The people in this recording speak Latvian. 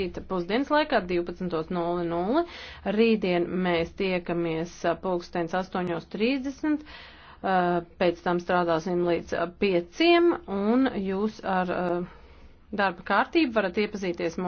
rīta pusdienas laikā 12.00. Rītdien mēs tiekamies pulkstens 8.30. Pēc tam strādāsim līdz 5. un jūs ar darba kārtību varat iepazīties mūsu.